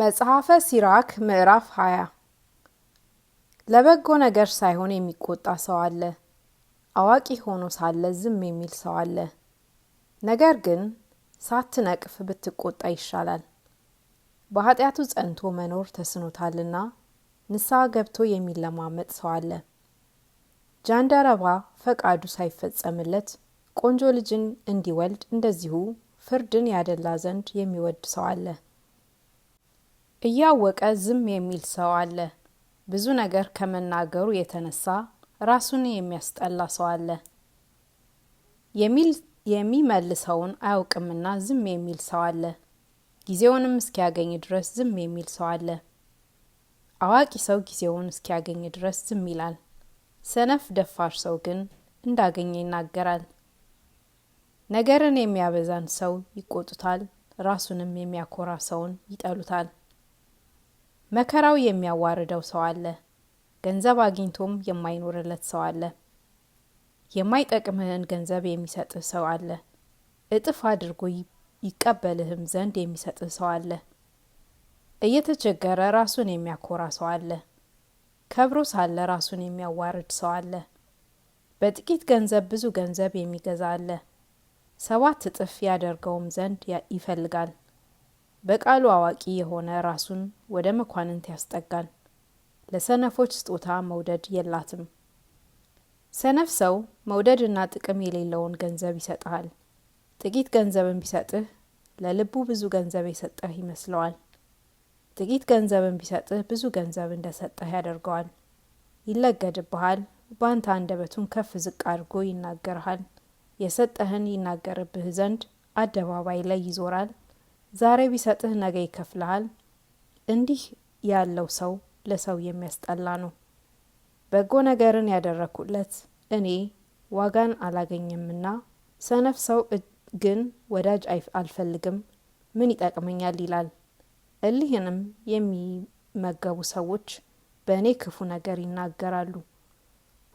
መጽሐፈ ሲራክ ምዕራፍ 20 ለበጎ ነገር ሳይሆን የሚቆጣ ሰው አለ። አዋቂ ሆኖ ሳለ ዝም የሚል ሰው አለ። ነገር ግን ሳትነቅፍ ብትቆጣ ይሻላል። በኃጢአቱ ጸንቶ መኖር ተስኖታልና ንስሐ ገብቶ የሚለማመጥ ሰው አለ። ጃንደረባ ፈቃዱ ሳይፈጸምለት ቆንጆ ልጅን እንዲወልድ እንደዚሁ ፍርድን ያደላ ዘንድ የሚወድ ሰው አለ። እያወቀ ዝም የሚል ሰው አለ። ብዙ ነገር ከመናገሩ የተነሳ ራሱን የሚያስጠላ ሰው አለ። የሚመልሰውን አያውቅምና ዝም የሚል ሰው አለ። ጊዜውንም እስኪያገኝ ድረስ ዝም የሚል ሰው አለ። አዋቂ ሰው ጊዜውን እስኪያገኝ ድረስ ዝም ይላል። ሰነፍ ደፋር ሰው ግን እንዳገኘ ይናገራል። ነገርን የሚያበዛን ሰው ይቆጡታል፣ ራሱንም የሚያኮራ ሰውን ይጠሉታል። መከራው የሚያዋርደው ሰው አለ። ገንዘብ አግኝቶም የማይኖርለት ሰው አለ። የማይጠቅምህን ገንዘብ የሚሰጥህ ሰው አለ። እጥፍ አድርጎ ይቀበልህም ዘንድ የሚሰጥህ ሰው አለ። እየተቸገረ ራሱን የሚያኮራ ሰው አለ። ከብሮ ሳለ ራሱን የሚያዋርድ ሰው አለ። በጥቂት ገንዘብ ብዙ ገንዘብ የሚገዛ አለ። ሰባት እጥፍ ያደርገውም ዘንድ ይፈልጋል። በቃሉ አዋቂ የሆነ ራሱን ወደ መኳንንት ያስጠጋል። ለሰነፎች ስጦታ መውደድ የላትም። ሰነፍ ሰው መውደድና ጥቅም የሌለውን ገንዘብ ይሰጥሃል። ጥቂት ገንዘብን ቢሰጥህ ለልቡ ብዙ ገንዘብ የሰጠህ ይመስለዋል። ጥቂት ገንዘብን ቢሰጥህ ብዙ ገንዘብ እንደሰጠህ ያደርገዋል። ይለገድብሃል። በአንተ አንደበቱን ከፍ ዝቅ አድርጎ ይናገርሃል። የሰጠህን ይናገርብህ ዘንድ አደባባይ ላይ ይዞራል። ዛሬ ቢሰጥህ ነገ ይከፍልሃል። እንዲህ ያለው ሰው ለሰው የሚያስጠላ ነው። በጎ ነገርን ያደረግኩለት እኔ ዋጋን አላገኘምና፣ ሰነፍ ሰው ግን ወዳጅ አልፈልግም ምን ይጠቅመኛል ይላል። እሊህንም የሚመገቡ ሰዎች በእኔ ክፉ ነገር ይናገራሉ።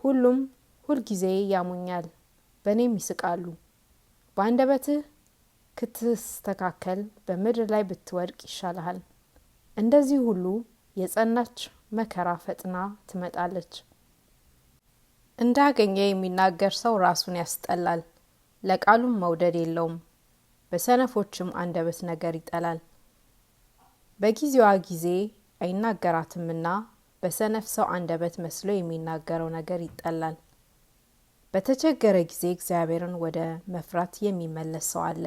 ሁሉም ሁልጊዜ ያሙኛል፣ በእኔም ይስቃሉ። በአንደበትህ ክትስተካከል በምድር ላይ ብትወድቅ ይሻልሃል። እንደዚህ ሁሉ የጸናች መከራ ፈጥና ትመጣለች። እንዳገኘ የሚናገር ሰው ራሱን ያስጠላል፣ ለቃሉም መውደድ የለውም። በሰነፎችም አንደበት ነገር ይጠላል። በጊዜዋ ጊዜ አይናገራትምና በሰነፍ ሰው አንደበት መስሎ የሚናገረው ነገር ይጠላል። በተቸገረ ጊዜ እግዚአብሔርን ወደ መፍራት የሚመለስ ሰው አለ።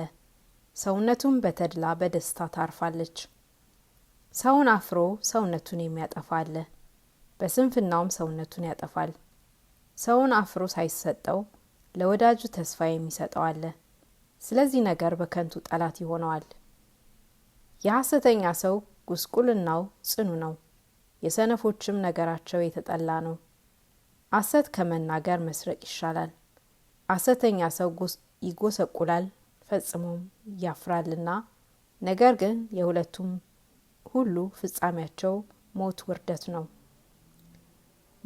ሰውነቱን በተድላ በደስታ ታርፋለች። ሰውን አፍሮ ሰውነቱን የሚያጠፋ አለ፣ በስንፍናውም ሰውነቱን ያጠፋል። ሰውን አፍሮ ሳይሰጠው ለወዳጁ ተስፋ የሚሰጠው አለ፣ ስለዚህ ነገር በከንቱ ጠላት ይሆነዋል። የሐሰተኛ ሰው ጉስቁልናው ጽኑ ነው፣ የሰነፎችም ነገራቸው የተጠላ ነው። አሰት ከመናገር መስረቅ ይሻላል። ሐሰተኛ ሰው ይጎሰቁላል፣ ፈጽሞም ያፍራልና። ነገር ግን የሁለቱም ሁሉ ፍጻሜያቸው ሞት ውርደት ነው።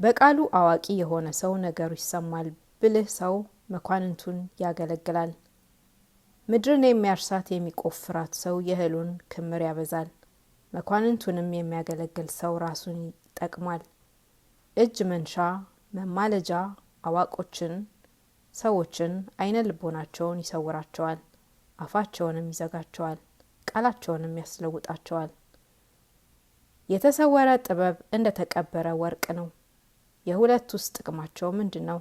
በቃሉ አዋቂ የሆነ ሰው ነገሩ ይሰማል፣ ብልህ ሰው መኳንንቱን ያገለግላል። ምድርን የሚያርሳት የሚቆፍራት ሰው የእህሉን ክምር ያበዛል፣ መኳንንቱንም የሚያገለግል ሰው ራሱን ይጠቅማል። እጅ መንሻ መማለጃ አዋቆችን ሰዎችን አይነ ልቦናቸውን ይሰውራቸዋል። አፋቸውንም ይዘጋቸዋል፣ ቃላቸውንም ያስለውጣቸዋል። የተሰወረ ጥበብ እንደ ተቀበረ ወርቅ ነው። የሁለት ውስጥ ጥቅማቸው ምንድን ነው?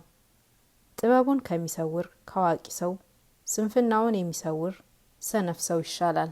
ጥበቡን ከሚሰውር ከአዋቂ ሰው ስንፍናውን የሚሰውር ሰነፍ ሰው ይሻላል።